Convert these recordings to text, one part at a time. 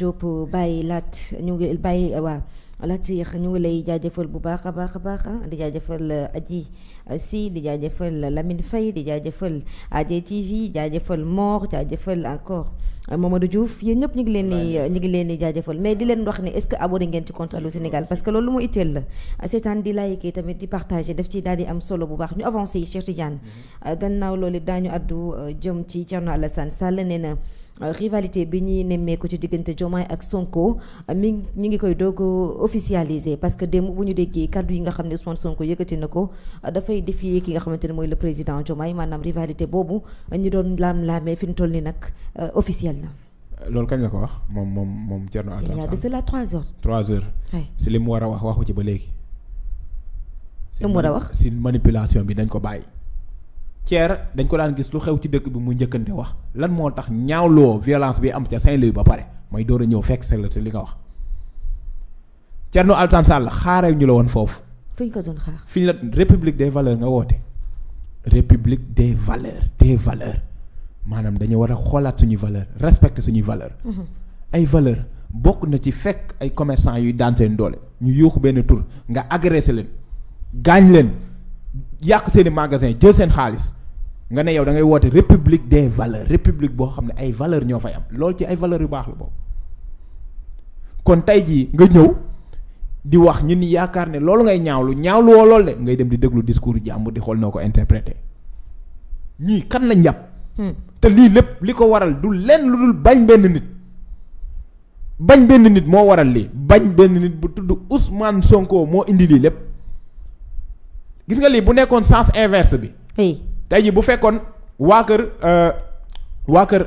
Diop euh, bàyyi laat ñu ngi bàyyi euh, waaw laaj si yéex ñu ngi lay jaajëfal bu baax a baax a baax ah, di jaajëfal euh, Adji Sy di jaajëfal euh, Lamine Faye di jaajëfal euh, ADTV jaajëfal Mor jaajëfal encore Mamadou Diouf yéen ñëpp ñu ngi leen di ñu ngi leen di jaajëfal mais di leen wax ne est-ce que abonné ngeen ci compte Allô Sénégal parce que loolu lu mu itteel la seetaan di like tamit di partager daf ci daal di am solo bu baax ñu avancé yi Cheikh Tidiane mhm. gannaaw loolu daañu addu jëm ci Thierno Alassane Sall nee na rivalité bi ñuy nemmeeku ci diggante Diomaye ak Sonko mi ngi koy doog officialiser parce que démb bu ñu déggee kaddu yi nga xam ne Ousmane Sonko yëkkati na ko dafay défier ki nga xamante ne mooy le président Diomaye maanaam rivalité boobu ñu doon laam-laamee fi ñu toll nii nag euh, officiel na. loolu kañ la ko wax moom moom moom Thierno Alassane Sall. a de cela trois trois heures. si li mu war a wax waxu ci ba léegi. li mu war a wax si manipulation bi dañ ko bàyyi. Thier dañ ko daan gis lu xew ci dëkk bi mu njëkkante wax lan moo tax ñaawloo violence bi am ca Saint-Louis ba mooy door a ñëw fekk sa li nga wax. Thierno Alassane Sall xaarew ñu la woon foofu. fu ñu ko doon xaar. fi ñu la république des valeurs nga woote. république des valeurs des valeurs maanaam dañu war a xoolaat suñuy valeur respecter suñuy valeur mhm. ay valeur bokk na ci fekk ay commerçant yuy daan seen doole ñu yuuxu benn tur nga agressé leen gaañ leen yàq seen i magasin jël seen xaalis nga ne yow da ngay woote république des valeurs république boo xam ne ay valeur ñoo fay am loolu ci ay valeurs yu baax la boobu tey jii nga ñëw di wax ñun ñi yaakaar ne loolu ngay ñaawlu ñaawlu woo lool de ngay dem di déglu discours jàmbur di xool noo ko interprété ñii kan na njàpp hmm. te lii lépp li ko waral du lenn lu dul bañ benn nit bañ benn nit moo waral lii bañ benn nit bu tudd Ousmane Sonko moo indi lii lépp gis nga lii bu nekkoon sens inverse bi tey jii bu fekkoon waa kër euh, waa kër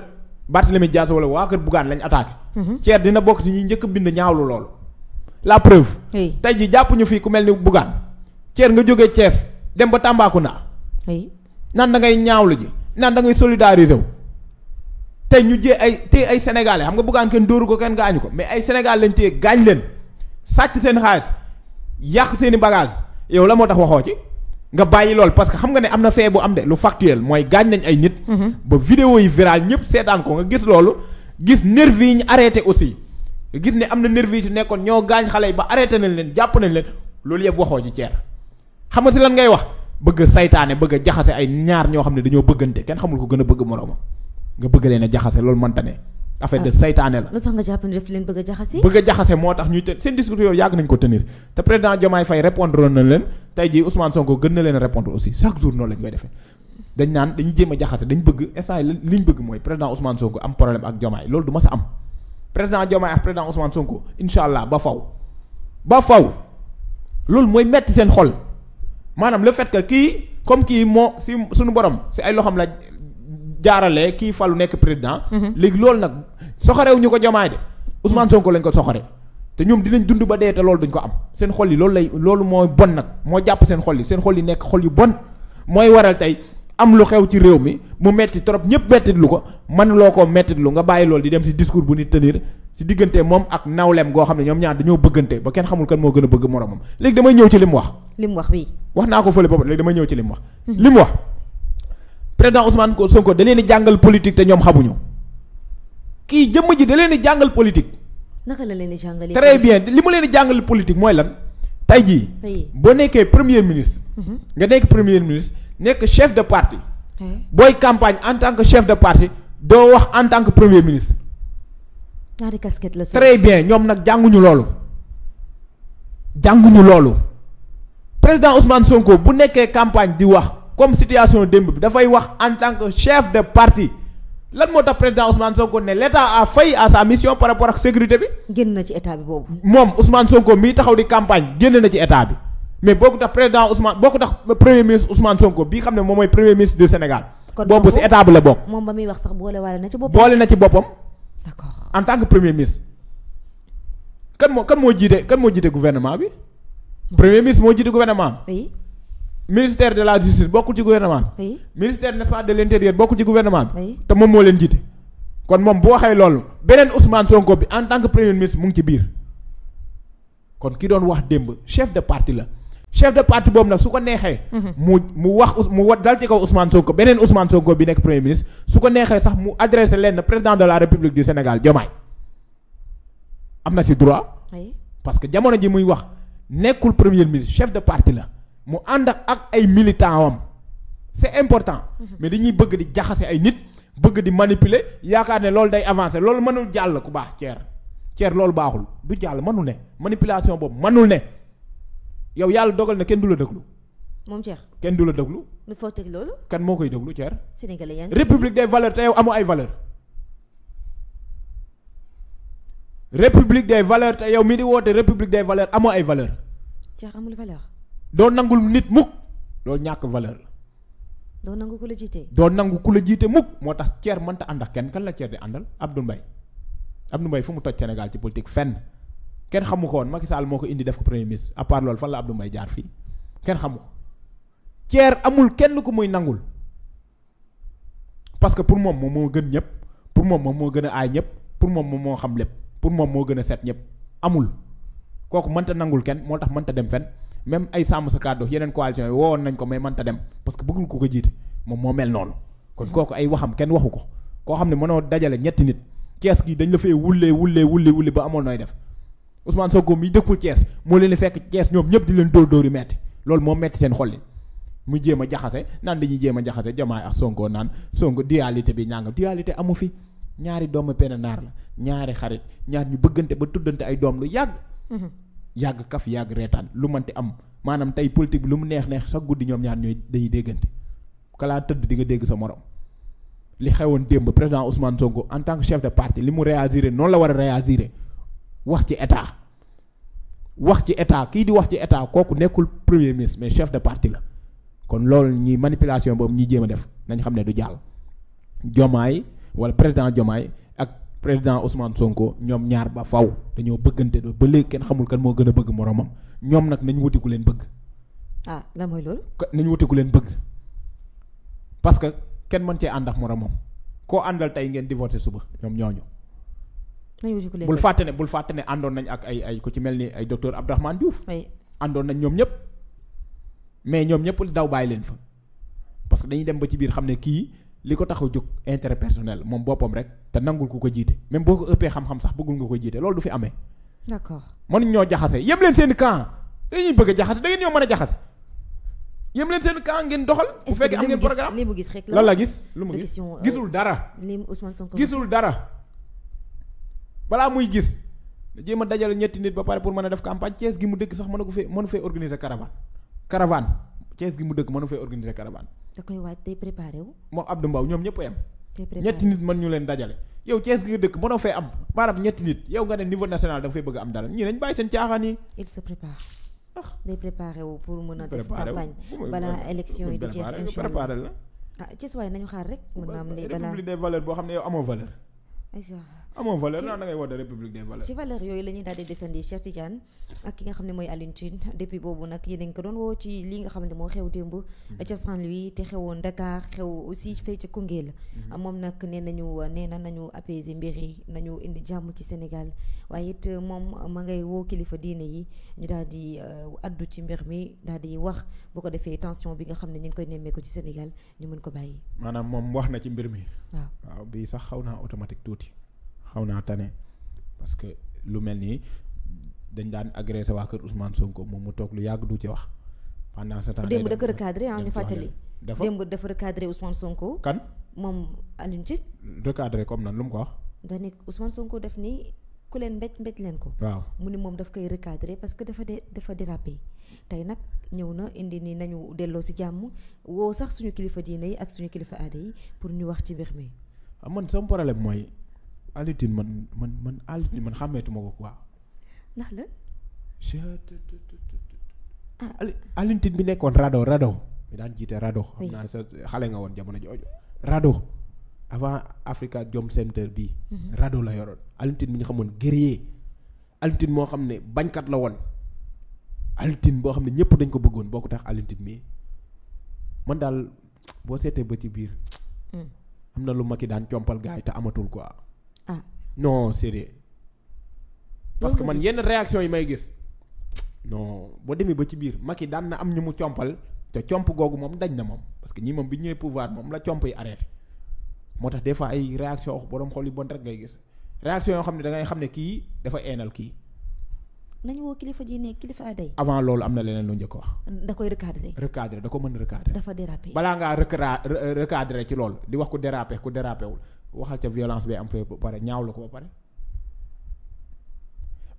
Barthélémy Dias wala waa kër Bougane lañ attaqué Thier mhm. dina bokk ci ñi njëkk bind ñaawlu loolu la preuve. oui tey jii jàpp ñu fii ku mel ni Bougane. Thier nga jóge cees dem ba Tambacounda. oui nan da ngay ñaawlu ji naan da ngay solidariser wu. tey ñu jee ay téye ay sénégalais xam nga Bougane kenn dóoru ko kenn gaañu ko mais ay sénégal lañ téye gaañ leen sàcc seen xaalis yàq seen i bagage yow la moo tax waxoo ci. nga bàyyi lool parce que xam nga ne am na fee bu am de lu factuel mooy gaañ lañ ay nit. Mhm. ba vidéo yi viral ñëpp seetaan ko nga gis loolu. gis nervi yi ñu arrêté aussi gis ni am na nervis yi nekkoon ñoo gaañ xale yi ba arrêté nañ leen jàpp nañ leen loolu yëpp waxoo ci ceer xam si lan ngay wax bëgg a saytaane bëgg jaxase ay ñaar ñoo xam ne dañoo bëggante kenn xamul ko gën a bëgg moroomam nga bëgg leen a jaxase loolu mënta ne affaire de ah. saytaane la. lu tax nga jàpp ne daf leen bëgg a jaxase. bëgg a jaxase moo tax ñuy te seen discours yooyu yàgg nañ ko tenir te président Diomaye Faye répondre na leen tey jii Ousmane Sonko gën a répondre aussi chaque jour noonu lañ koy defee dañ naan a jaxase dañ loolu ma sa am président Diomaye ak président Ousmane Sonko incha allah ba faw ba faw loolu mooy metti seen xol maanaam le fait que kii comme kii moo si suñu borom si ay loxam la jaaralee kii falu nekk président. Mhm. léegi loolu nag soxorew ñu ko Diomaye de Ousmane Sonko lañ ko soxore te ñoom dinañ dund ba dee te loolu dañ ko am seen xol yi loolu lay loolu mooy bon nag moo jàpp seen xol yi seen xol yi nekk xol yu bon mooy waral tey. am lu xew ci réew mi mu metti trop ñëpp mettitlu ko man loo ko mettitlu nga bàyyi loolu di dem si discours bu nit tenir si diggante moom ak nawleem goo xam ne ñoom ñaan dañoo bëggante ba kenn xamul kan moo gën a bëgg moromam léegi damay ñëw ci li mu wax. li wax bii. wax naa ko fële boppam léegi damay ñëw li mu wax. Hmm. li mu wax président Ousmane Sonko da leen di jàngal politique te ñoom xamuñu kii jëmm ji da leen di jàngal politique. naka la leen di jàngalee. très bien li mu leen di jàngal politique mooy lan tey jii. boo nekkee premier ministre. Mm-hmm. nga nekk premier ministre. nekk chef de parti. Eh? booy campagne en tant que chef de parti doo wax en tant que premier ministre. ñaari casquette très bien ñoom nag jànguñu loolu. jànguñu loolu. président Ousmane Sonko bu nekkee campagne di wax comme situation démb bi dafay wax en tant que chef de parti lan moo tax président Ousmane Sonko ne l' état a failli à sa mission par rapport ak sécurité bi. génn na ci état bi boobu. moom Ousmane Sonko mii taxaw di campagne génn na ci état bi. mais boo ko tax président Ousmane boo ko tax premier ministre Ousmane Sonko bii xam ne moom mooy premier ministre du Sénégal. kon boobu si état la bokk. boole na ci boppam. en tant que premier ministre. kan moo kan moo jiite kan moo jiite gouvernement bi. premier ministre moo jiite gouvernement bi. ministère de la justice bokkul ci gouvernement bi. ministère n'est-ce pas de l'intérieur bokkul ci gouvernement bi. te moom moo leen jiite. kon moom boo waxee loolu beneen Ousmane Sonko bi en tant que premier ministre mu ngi ci biir kon ki doon wax démb chef de parti la. chef de parti boobu nag su ko neexee. Mhm. mu mu wax mu wa dal ci kaw Ousmane Sonko beneen Ousmane Sonko bi nekk premier ministre su ko neexee sax mu adressé leen président de la république du Sénégal Diomaye am na si droit. parce que jamono ji muy wax nekkul premier ministre chef de parti la mu ànd ak ay militants am c'est important. Mhm. mais dañuy bëgg di jaxase ay nit bëgg di manipuler yaakaar ne loolu day avancer loolu mënul jàll ku baax Thierre Thierre loolu baaxul du jàll mënul ne manipulation boobu mënul ne. yow yàlla dogal na kenn du la déglu. moom ceex kenn du la déglu. nu foo teg loolu. kenn moo koy déglu Thierre. Sénégalais yaa ngi république des valeurs te yow amoo ay valeur république des valeurs te yow mi di woote république des valeurs amoo ay valeurs. Thierre amul valeur. doo nangul nit mukk loolu ñàkk valeur la. doo nangu ku la jiite. doo nangu ku la jiite mukk moo tax ceer mënta ànd ak kenn kan la Thierre di àndal Abdou Mbaye Abdou Mbaye fu mu toj Sénégal ci politique fenn. kenn xamu ko woon Macky Sall moo ko indi def ko premier ministre à part loolu fan la Abdou Mbaye jaar fii kenn xamu ko ceer amul kenn ku muy nangul parce que pour moom moom moo gën ñëpp pour moom moom moo gën a aay ñëpp pour moom moom moo xam lépp pour moom moo gën a set ñëpp amul kooku mënta nangul kenn moo tax mënta dem fen même ay sàmm sa kàddu yeneen coalition yi woon nañ ko mais manta dem parce que bëggul ko ko jiite moom moo mel noonu kon kooku ay waxam kenn waxu ko koo xam ne mënoo dajale ñetti nit kees gi dañ la fee wulee wulee amoon nooy def Ousmane Sonko mi dëkkul Thiès moo leen fekk Thiès ñoom ñëpp di leen dóor dóor yu metti loolu moo metti seen xolli mu jéem a jaxase naan dañuy jéem a jaxase jamaay ak Sonko naan Sonko dualité bi ñàngam dualité amu fi ñaari doomu benn naar la ñaari xarit ñaar ñu bëggante ba tuddante ay doom lu yàgg mhm. yàgg kaf yàgg reetaan lu manti am maanaam tey politique bi lu mu neex neex sax guddi ñoom ñaar ñooy dañuy déggante kalaa tëdd di nga dégg sa morom li xewoon démb président Ousmane Sonko en tant que chef de noonu la war a réagiré wax ci état wax ci état kii di wax ci état kooku nekkul premier ministre mais chef de parti la kon loolu ñi manipulation boobu ñi jéem a def nañ xam ne du jàll. Jomaay wala président Jomaay ak président Ousmane Sonko ñoom ñaar ba faw dañoo bëggante ba léegi kenn xamul kan moo gën a bëgg moromam ñoom nag nañu wuti ku leen bëgg. ah lan mooy loolu. nañ leen bëgg parce que kenn mën cee ànd ak moromam koo àndal tey ngeen di voté suba ñoom ñooñu. bul fàtte ne bul fàtte ne àndoon nañ ak ay ay ku ci mel ni ay docteur Abdourahmane Diouf àndoon nañ ñoom ñëpp mais ñoom ñëpp daw bàyyi leen fa parce que dañuy dem ba ci biir xam ne kii li ko tax a jóg intérêt personnel moom boppam rek te nangul ku ko jiite même boo ko ëppee xam-xam sax bëggul nga ko jiite loolu du fi amee d'accord mënuñ ñoo jaxase yem leen seen camp dañuy bëgg a jaxase da ngeen ñoo mën a jaxase yem leen seen camp ngeen doxal bu fekkee am ngeen programme lan la gis lu mu gis euh, gisul dara gisul dara balaa muy gis jéem a dajale ñetti nit ba pare pour mën a def campagne Thiès gi mu dëkk sax mënu ko fee mënu fee mu dëkk mënu fee organiser caravane. da koy waaj day préparé wu. moom Abdou mën ñu leen dajale. yow Thiès gi nga dëkk fee am maanaam ñetti nit yow nga ne niveau national da nga ah. a def campagne balaa élection yi di jeex incha allah préparé la ah Thiès waaye nañu xaar rek. mën naa am lay balaa boo xam ne yow amoo valeur. amoo ah, valeur naa da ngay woote république des valeurs. ci valeur yooyu la ñuy daal di desandi Cheikh Tidiane ak ki nga xam ne mooy Alioune Tine depuis boobu nag yéen a ko doon woo ci li nga xam ne moo xew démb ca Saint-Louis te xewoon Dakar xew aussi fay ca Koungheul mhm. moom nag nee nañu nee na nañu apaiser mbir yi nañu indi jàmm ci Sénégal waaye it moom ma ngay woo kilifa diine yi ñu daal di euh, addu ci mbir mi daal di wax bu ko defee tension bi nga xam ne ñu ngi koy nemmeeku ci Sénégal ñu mën ko bàyyi maanaam moom wax na ci mbir mi waaw sax xaw naa automatique tuuti xaw naa tane parce que lu mel nii dañ daan sa waa kër Ousmane Sonko moom mu toog lu yàgg du ci wax. pendant ce temps démb dafa recadré ah ñu fàttali. dafa démb dafa recadré Ousmane Sonko. kan moom ci Tine. recadré comme nan lu mu ko wax. dañ ne Ousmane Sonko def nii ku leen mbéj mbej leen ko. waaw mu ne moom daf koy recadré parce que dafa de dafa dérapé tey nag. ñëw na indi nii nañu delloo si jàmm woo sax suñu kilifa diine yi ak suñu kilifa aada yi pour ñu wax ci mbir mi. Ah, man sama mooy Alioune Tine man man man Alioune Tine man xàmmeetuma ko quoi. ndax la. je ah. bi nekkoon Rado Rado. mi daan jiite Rado. xam naa sa xale nga woon jamono jooju. Rado avant Africa Jom Center bii. Mhm. Rado la yoroon Alioune bi ñu xamoon guerrier. Alioune Tine moo xam ne bañkat la woon. Alioune boo xam ne ñëpp dañ ko bëggoon boo ko tax Alioune Tine man daal boo seetee ba ci biir. Mm. am na lu mag ki daan compal gars te amatul quoi. ah non sérieux parce que man yenn réaction yi may gis non boo demee ba ci biir Macky daan na am ñu mu compal te comp googu moom dañ na moom parce que ñii moom bi ñëwee pouvoir moom la comp yi arrêté moo tax des fois ay réaction wax boroom xol yu rek ngay gis réaction yoo xam ne da ngay xam ne kii dafa eenal kii. nañu woo kilifa ji ne kilifa aday. avant loolu am na leneen lu njëkk wax. da koy recadrer. recadrer da ko mën recadrer. dafa déraper balaa ngaa recadrer ci lool di wax ku déraper ku déraper wul waxal ca violence bi am fee ba pare ñaawlu ko ba pare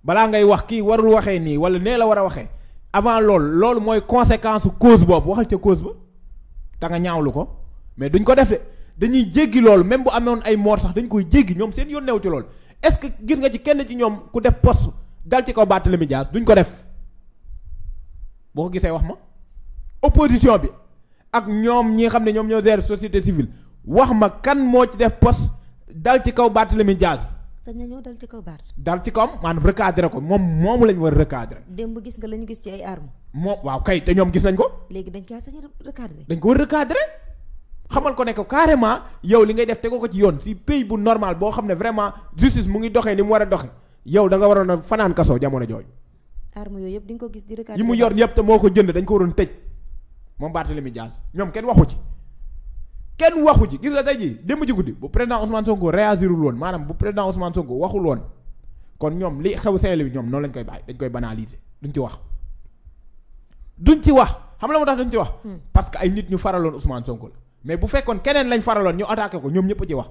balaa ngay wax kii warul waxee nii wala nee la war a waxee avant lool loolu mooy conséquence cause boobu waxal ca cause ba te nga ñaawlu ko mais duñ ko def de dañuy jéggi loolu même bu amoon ay mort sax dañ koy jéggi ñoom seen yoon neew ci loolu est-ce que gis nga ci kenn ci ñoom ku def poste dal ci kaw Barthélémy Dias duñ ko def boo ko gisee wax ma opposition bi ak ñoom ñi xam ne ñoom ñoo gérer société civile wax ma kan moo ci def poste dal ci kaw Barthélémy Dias. sañ na ñëw dal ci kaw Barth. dal ci kawam maanaam recadré ko moom moomu lañ war a recadré. démb gis nga lañu gis ci ay armes. moom waaw kay te ñoom gis nañ ko. léegi dañ caa sañ a recadré. dañ ko war a recadré xamal ko ne ko carrément yow li ngay def tegoo ko ci yoon si pays bu normal boo xam ne vraiment justice mu ngi doxee ni mu war a doxee yow da nga waroon a fanaan kaso jamono jooju. armes yooyu yëpp di nga ko gis di recadré. yi mu yor yëpp te moo ko jënd dañ ko waroon tëj moom Barthélémy Dias ñoom kenn waxu ci. kenn waxu ci gis nga tey jii démb ci guddi bu président Ousmane Sonko réagirul woon maanaam bu président Ousmane Sonko waxul kon ñoom li xew Saint-Louis ñoom noonu lañ koy bàyyi dañ koy banaliser duñ ci wax. duñ ci wax xam la moo tax duñ ci wax. Hmm. parce que ay nit ñu faraloon Ousmane Sonko la mais bu fekkoon keneen lañ faraloon ñu attaqué ko ñoom ñëpp ci wax.